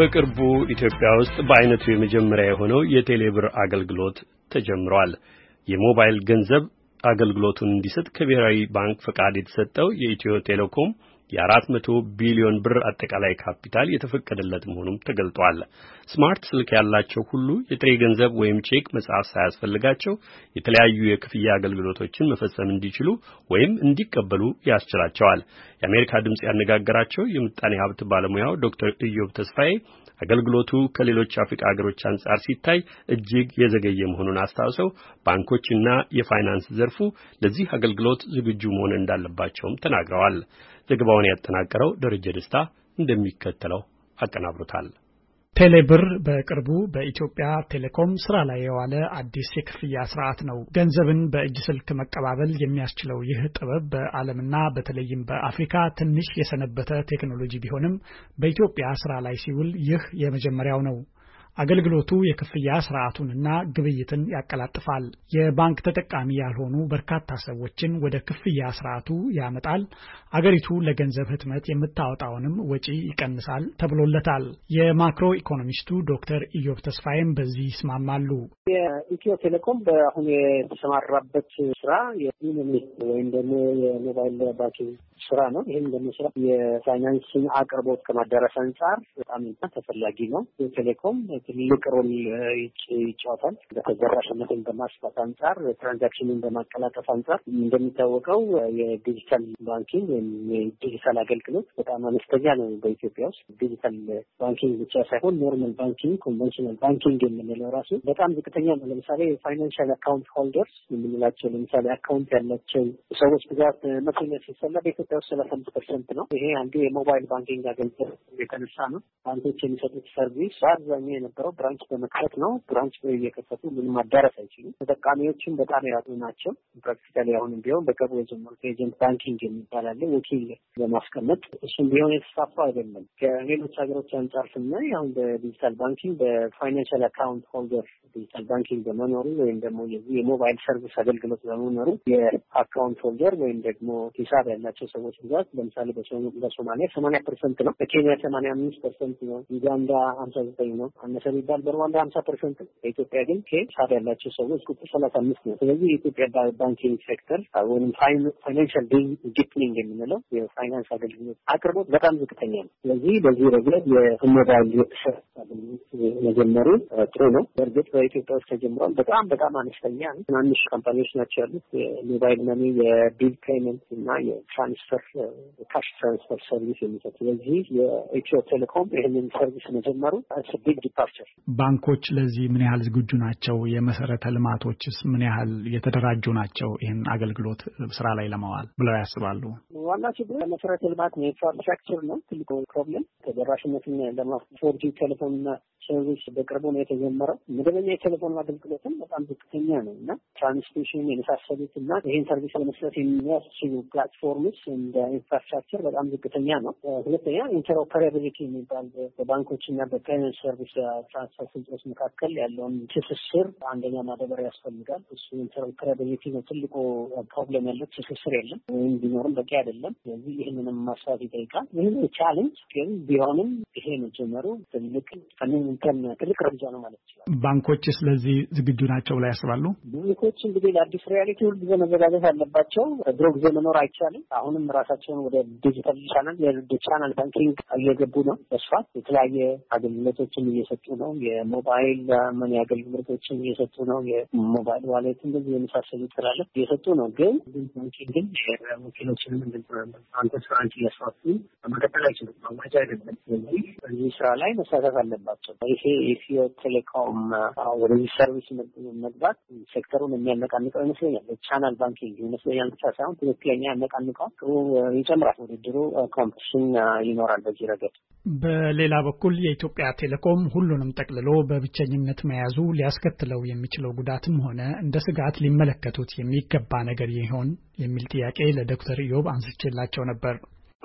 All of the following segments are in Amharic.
በቅርቡ ኢትዮጵያ ውስጥ በአይነቱ የመጀመሪያ የሆነው የቴሌብር አገልግሎት ተጀምሯል። የሞባይል ገንዘብ አገልግሎቱን እንዲሰጥ ከብሔራዊ ባንክ ፈቃድ የተሰጠው የኢትዮ ቴሌኮም የ400 ቢሊዮን ብር አጠቃላይ ካፒታል የተፈቀደለት መሆኑም ተገልጧል። ስማርት ስልክ ያላቸው ሁሉ የጥሬ ገንዘብ ወይም ቼክ መጻፍ ሳያስፈልጋቸው የተለያዩ የክፍያ አገልግሎቶችን መፈጸም እንዲችሉ ወይም እንዲቀበሉ ያስችላቸዋል። የአሜሪካ ድምፅ ያነጋገራቸው የምጣኔ ሀብት ባለሙያው ዶክተር ኢዮብ ተስፋዬ አገልግሎቱ ከሌሎች አፍሪካ ሀገሮች አንጻር ሲታይ እጅግ የዘገየ መሆኑን አስታውሰው ባንኮችና የፋይናንስ ዘርፉ ለዚህ አገልግሎት ዝግጁ መሆን እንዳለባቸውም ተናግረዋል። ዘገባውን ዘገባውን ያጠናቀረው ደረጀ ደስታ እንደሚከተለው አቀናብሮታል። ቴሌብር በቅርቡ በኢትዮጵያ ቴሌኮም ስራ ላይ የዋለ አዲስ የክፍያ ስርዓት ነው። ገንዘብን በእጅ ስልክ መቀባበል የሚያስችለው ይህ ጥበብ በዓለምና በተለይም በአፍሪካ ትንሽ የሰነበተ ቴክኖሎጂ ቢሆንም በኢትዮጵያ ስራ ላይ ሲውል ይህ የመጀመሪያው ነው። አገልግሎቱ የክፍያ ስርዓቱንና ግብይትን ያቀላጥፋል። የባንክ ተጠቃሚ ያልሆኑ በርካታ ሰዎችን ወደ ክፍያ ስርዓቱ ያመጣል። አገሪቱ ለገንዘብ ህትመት የምታወጣውንም ወጪ ይቀንሳል ተብሎለታል። የማክሮ ኢኮኖሚስቱ ዶክተር ኢዮብ ተስፋዬም በዚህ ይስማማሉ። የኢትዮ ቴሌኮም በአሁኑ የተሰማራበት ስራ የኢኖሚክ ወይም ደግሞ የሞባይል ባኪ ስራ ነው። ይህም ደግሞ ስራ የፋይናንስን አቅርቦት ከማደረስ አንጻር በጣም ተፈላጊ ነው። ቴሌኮም ትልቅ ሮል ይጫወታል። ተደራሽነትን በማስፋት አንጻር፣ ትራንዛክሽንን በማቀላጠፍ አንጻር እንደሚታወቀው የዲጂታል ባንኪንግ ወይም የዲጂታል አገልግሎት በጣም አነስተኛ ነው በኢትዮጵያ ውስጥ። ዲጂታል ባንኪንግ ብቻ ሳይሆን ኖርማል ባንኪንግ፣ ኮንቨንሽናል ባንኪንግ የምንለው ራሱ በጣም ዝቅተኛ ነው። ለምሳሌ ፋይናንሻል አካውንት ሆልደርስ የምንላቸው ለምሳሌ አካውንት ያላቸው ሰዎች ብዛት መቶኛ ሲሰላ በኢትዮጵያ ውስጥ ሰላሳ አምስት ፐርሰንት ነው። ይሄ አንዱ የሞባይል ባንኪንግ አገልግሎት የተነሳ ነው። ባንኮች የሚሰጡት ሰርቪስ በአብዛኛው የነበረው ብራንች በመክፈት ነው። ብራንች እየከፈቱ ምንም ማዳረስ አይችሉም። ተጠቃሚዎችን በጣም ያጡ ናቸው። ፕራክቲካሊ አሁንም ቢሆን በቅርቡ የጀመሩት ኤጀንት ባንኪንግ የሚባላለ ወኪል በማስቀመጥ እሱም ቢሆን የተስፋፋ አይደለም። ከሌሎች ሀገሮች አንጻር ስናይ አሁን በዲጂታል ባንኪንግ በፋይናንሻል አካውንት ሆልደር ዲጂታል ባንኪንግ በመኖሩ ወይም ደግሞ የዚህ የሞባይል ሰርቪስ አገልግሎት በመኖሩ የአካውንት ሆልደር ወይም ደግሞ ሂሳብ ያላቸው ሰዎች ብዛት ለምሳሌ በሶማሊያ ሰማኒያ ፐርሰንት ነው። በኬንያ ሰማኒያ አምስት ፐርሰንት ነው። ዩጋንዳ ሀምሳ ዘጠኝ ነው። ቀነሰ የሚባል በሩዋንዳ ሀምሳ ፐርሰንት ነው። በኢትዮጵያ ግን ሳር ያላቸው ሰዎች ቁጥር ሰላሳ አምስት ነው። ስለዚህ የኢትዮጵያ ባንኪንግ ሴክተር ወይም ፋይናንሻል ዲፕኒንግ የምንለው የፋይናንስ አገልግሎት አቅርቦት በጣም ዝቅተኛ ነው። ስለዚህ በዚህ ረገድ የሞባይል መጀመሩ ጥሩ ነው። በእርግጥ በኢትዮጵያ ውስጥ ተጀምሯል። በጣም በጣም አነስተኛ ትናንሽ ካምፓኒዎች ናቸው ያሉት የሞባይል መኒ፣ የቢል ፔመንት እና የትራንስፈር ካሽ ትራንስፈር ሰርቪስ የሚሰጥ ስለዚህ የኢትዮ ቴሌኮም ይህንን ሰርቪስ መጀመሩ ቢግ ዲፓ ናቸው። ባንኮች ለዚህ ምን ያህል ዝግጁ ናቸው? የመሰረተ ልማቶችስ ምን ያህል የተደራጁ ናቸው? ይህን አገልግሎት ስራ ላይ ለማዋል ብለው ያስባሉ? ዋና ችግሩ መሰረተ ልማት ኢንፍራስትራክቸር ነው። ትልቁ ፕሮብለም ተደራሽነትን ለማፎርጂ ቴሌፎንና ሰርቪስ በቅርቡ ነው የተጀመረው። መደበኛ የቴሌፎን አገልግሎትም በጣም ዝቅተኛ ነው እና ትራንስሚሽን የመሳሰሉት እና ይህን ሰርቪስ ለመስጠት የሚያስችሉ ፕላትፎርምስ እንደ ኢንፍራስትራክቸር በጣም ዝቅተኛ ነው። ሁለተኛ ኢንተርኦፐራቢሊቲ የሚባል በባንኮች እና በፋይናንስ ሰርቪስ ትራንስፈር ፍልጦች መካከል ያለውን ትስስር አንደኛ ማዳበር ያስፈልጋል። እሱ ኢንተርኦፕራቢሊቲ ነው ትልቁ ፕሮብለም ያለው ትስስር የለም ወይም ቢኖርም በቂ አይደለም። ስለዚህ ይህንንም ማስፋት ይጠይቃል። ይህ ቻሌንጅ ግን ቢሆንም ይሄ መጀመሩ ትልቅ ትልቅ እርምጃ ነው ማለት ይችላል። ባንኮች ስለዚህ ዝግጁ ናቸው ብላ ያስባሉ። ባንኮች እንግዲህ ለአዲስ ሪያሊቲ ሁልጊዜ መዘጋጀት አለባቸው። ድሮ ጊዜ መኖር አይቻልም። አሁንም ራሳቸውን ወደ ዲጂታል ቻናል የቻናል ባንኪንግ እየገቡ ነው። በስፋት የተለያየ አገልግሎቶችን እየሰጡ እየሰጡ ነው፣ የሞባይል ምን ያገል ምርቶችን እየሰጡ ነው፣ የሞባይል ዋሌት እንደዚህ የመሳሰሉ ይጥላለ እየሰጡ ነው። ግን ባንኪንግ ግን ወኪሎችንም ባንኮች ብራንች እያስፋፉ መቀጠል አይችሉም። ማዋጫ አይደለም። ስለዚህ በዚህ ስራ ላይ መሳተፍ አለባቸው። ይሄ ኢትዮ ቴሌኮም ወደዚህ ሰርቪስ መግባት ሴክተሩን የሚያነቃንቀው ይመስለኛል። ቻናል ባንኪንግ ይመስለኛል ብቻ ሳይሆን ትክክለኛ ያነቃንቀው ጥሩ ይጨምራል። ውድድሩ ኮምፕሽን ይኖራል በዚህ ረገድ። በሌላ በኩል የኢትዮጵያ ቴሌኮም ሁሉ ሁሉንም ጠቅልሎ በብቸኝነት መያዙ ሊያስከትለው የሚችለው ጉዳትም ሆነ እንደ ስጋት ሊመለከቱት የሚገባ ነገር ይሆን የሚል ጥያቄ ለዶክተር ኢዮብ አንስቼላቸው ነበር።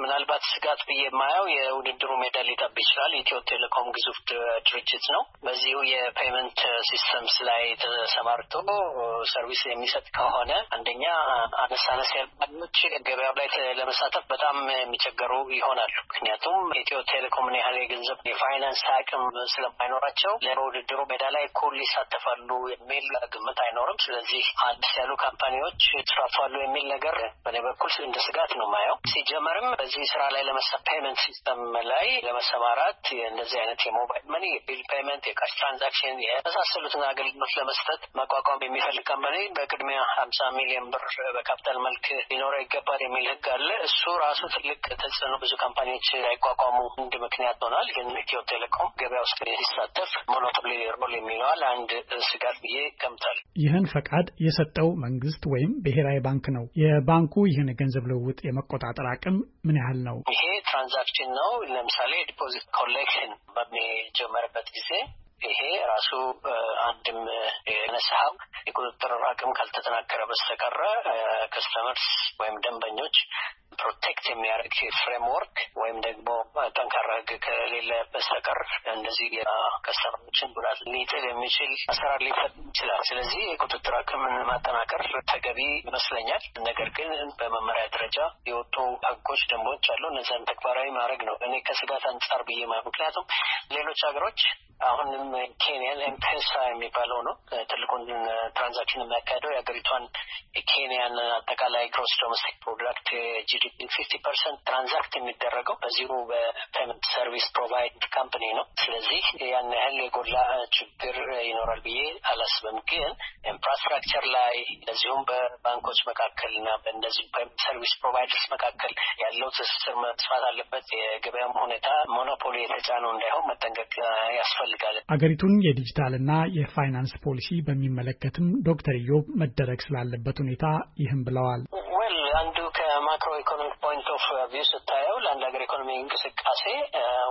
ምናልባት ስጋት ብዬ የማየው የውድድሩ ሜዳ ሊጠብ ይችላል። ኢትዮ ቴሌኮም ግዙፍ ድርጅት ነው። በዚሁ የፔመንት ሲስተምስ ላይ ተሰማርቶ ሰርቪስ የሚሰጥ ከሆነ አንደኛ አነሳነስ ያልባኞች ገበያው ላይ ለመሳተፍ በጣም የሚቸገሩ ይሆናሉ። ምክንያቱም ኢትዮ ቴሌኮምን ያህል የገንዘብ የፋይናንስ አቅም ስለማይኖራቸው ለውድድሩ ሜዳ ላይ እኩል ይሳተፋሉ የሚል ግምት አይኖርም። ስለዚህ አዲስ ያሉ ካምፓኒዎች ይስፋፋሉ የሚል ነገር በእኔ በኩል እንደ ስጋት ነው ማየው ሲጀመርም በዚህ ስራ ላይ ለመሰ ፔመንት ሲስተም ላይ ለመሰማራት እንደዚህ አይነት የሞባይል መኒ፣ የቢል ፔመንት፣ የካሽ ትራንዛክሽን የመሳሰሉትን አገልግሎት ለመስጠት መቋቋም የሚፈልግ ካምፓኒ በቅድሚያ ሀምሳ ሚሊዮን ብር በካፒታል መልክ ሊኖረው ይገባል የሚል ህግ አለ። እሱ ራሱ ትልቅ ተጽዕኖ ብዙ ካምፓኒዎች አይቋቋሙ እንድ ምክንያት ሆናል። ግን ኢትዮ ቴሌኮም ገበያ ውስጥ ሲሳተፍ ሞኖፖሊ ሮል የሚለዋል አንድ ስጋት ብዬ ገምታል። ይህን ፈቃድ የሰጠው መንግስት ወይም ብሔራዊ ባንክ ነው። የባንኩ ይህን ገንዘብ ልውውጥ የመቆጣጠር አቅም ምን ምን ያህል ነው? ይሄ ትራንዛክሽን ነው። ለምሳሌ ዲፖዚት ኮሌክሽን በሚጀመርበት ጊዜ ይሄ ራሱ አንድም የነስሀው የቁጥጥር አቅም ካልተጠናከረ በስተቀረ ከስተመርስ ወይም ደንበኞች ፕሮቴክት የሚያደርግ ፍሬምወርክ ወይም ደግሞ ጠንካራ ህግ ከሌለ በስተቀር እንደዚህ ከስተመሮችን ጉዳት ሊጥል የሚችል አሰራር ሊፈጥ ይችላል። ስለዚህ የቁጥጥር አቅምን ማጠናከር ተገቢ ይመስለኛል። ነገር ግን በመመሪያ ደረጃ የወጡ ህጎች፣ ደንቦች አሉ። እነዚያን ተግባራዊ ማድረግ ነው እኔ ከስጋት አንጻር ብዬ ምክንያቱም ሌሎች ሀገሮች አሁንም ኬንያን ኤምፔሳ የሚባለው ነው ትልቁን ትራንዛክሽን የሚያካሄደው የሀገሪቷን ኬንያን አጠቃላይ ግሮስ ዶሜስቲክ ፕሮዳክት ጂዲፒ ፊፍቲ ፐርሰንት ትራንዛክት የሚደረገው በዚሁ በፔመንት ሰርቪስ ፕሮቫይድ ካምፕኒ ነው። ስለዚህ ያን ያህል የጎላ ችግር ይኖራል ብዬ አላስብም። ግን ስትራክቸር ላይ እንደዚሁም በባንኮች መካከል እና በእነዚህ ሰርቪስ ፕሮቫይደርስ መካከል ያለው ትስስር መስፋት አለበት። የገበያም ሁኔታ ሞኖፖሊ የተጫነው እንዳይሆን መጠንቀቅ ያስፈልጋል። አገሪቱን የዲጂታልና የፋይናንስ ፖሊሲ በሚመለከትም ዶክተር ኢዮብ መደረግ ስላለበት ሁኔታ ይህም ብለዋል። አንዱ ከ ከማክሮ ኢኮኖሚክ ፖይንት ኦፍ ቪው ስታየው ለአንድ ሀገር ኢኮኖሚ እንቅስቃሴ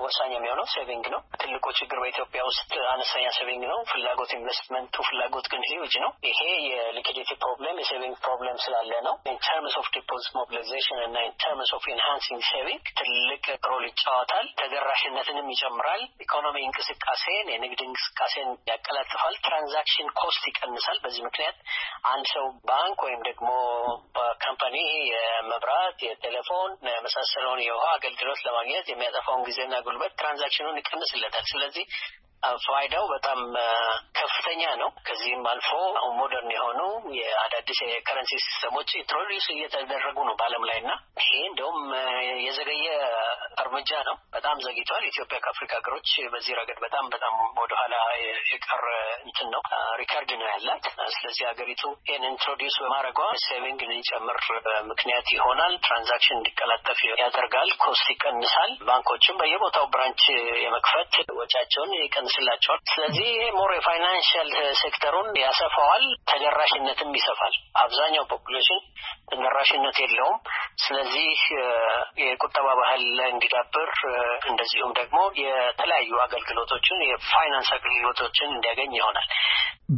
ወሳኝ የሚሆነው ሴቪንግ ነው። ትልቁ ችግር በኢትዮጵያ ውስጥ አነስተኛ ሴቪንግ ነው። ፍላጎት ኢንቨስትመንቱ ፍላጎት ግን ሂውጅ ነው። ይሄ የሊኩዲቲ ፕሮብለም የሴቪንግ ፕሮብለም ስላለ ነው። ኢንተርምስ ኦፍ ዲፖዚት ሞቢላይዜሽን እና ኢንተርምስ ኦፍ ኢንሃንሲንግ ሴቪንግ ትልቅ ሮል ይጫወታል። ተደራሽነትንም ይጨምራል። ኢኮኖሚ እንቅስቃሴን የንግድ እንቅስቃሴን ያቀላጥፋል። ትራንዛክሽን ኮስት ይቀንሳል። በዚህ ምክንያት አንድ ሰው ባንክ ወይም ደግሞ ካምፓኒ የመብራት፣ የቴሌፎን የመሳሰለውን የውሃ አገልግሎት ለማግኘት የሚያጠፋውን ጊዜና ጉልበት ትራንዛክሽኑን ይቀንስለታል። ስለዚህ ፋይዳው በጣም ከፍተኛ ነው። ከዚህም አልፎ አሁን ሞደርን የሆኑ የአዳዲስ የከረንሲ ሲስተሞች ኢንትሮዲውስ እየተደረጉ ነው በዓለም ላይ እና ይሄ እንደውም የዘገየ እርምጃ ነው። በጣም ዘግይቷል። ኢትዮጵያ ከአፍሪካ ሀገሮች በዚህ ረገድ በጣም በጣም ወደኋላ የቀረ እንትን ነው ሪከርድ ነው ያላት። ስለዚህ ሀገሪቱ ይህን ኢንትሮዲውስ በማድረጓ ሴቪንግ እንዲጨምር ምክንያት ይሆናል። ትራንዛክሽን እንዲቀላጠፍ ያደርጋል። ኮስት ይቀንሳል። ባንኮችም በየቦታው ብራንች የመክፈት ወጪያቸውን ይቀንስላቸዋል። ስለዚህ ሞር የፋይናንሽል ሴክተሩን ያሰፋዋል፣ ተደራሽነትም ይሰፋል። አብዛኛው ፖፑሌሽን ተደራሽነት የለውም። ስለዚህ የቁጠባ ባህል እንዲዳ እንዲዳብር እንደዚሁም ደግሞ የተለያዩ አገልግሎቶችን የፋይናንስ አገልግሎቶችን እንዲያገኝ ይሆናል።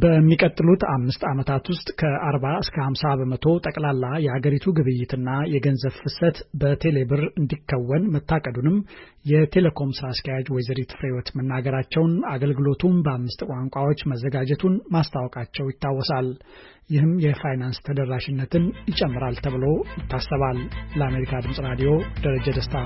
በሚቀጥሉት አምስት ዓመታት ውስጥ ከአርባ እስከ ሀምሳ በመቶ ጠቅላላ የሀገሪቱ ግብይትና የገንዘብ ፍሰት በቴሌብር እንዲከወን መታቀዱንም የቴሌኮም ስራ አስኪያጅ ወይዘሪት ፍሬወት መናገራቸውን አገልግሎቱም በአምስት ቋንቋዎች መዘጋጀቱን ማስታወቃቸው ይታወሳል። ይህም የፋይናንስ ተደራሽነትን ይጨምራል ተብሎ ይታሰባል። ለአሜሪካ ድምፅ ራዲዮ ደረጀ ደስታ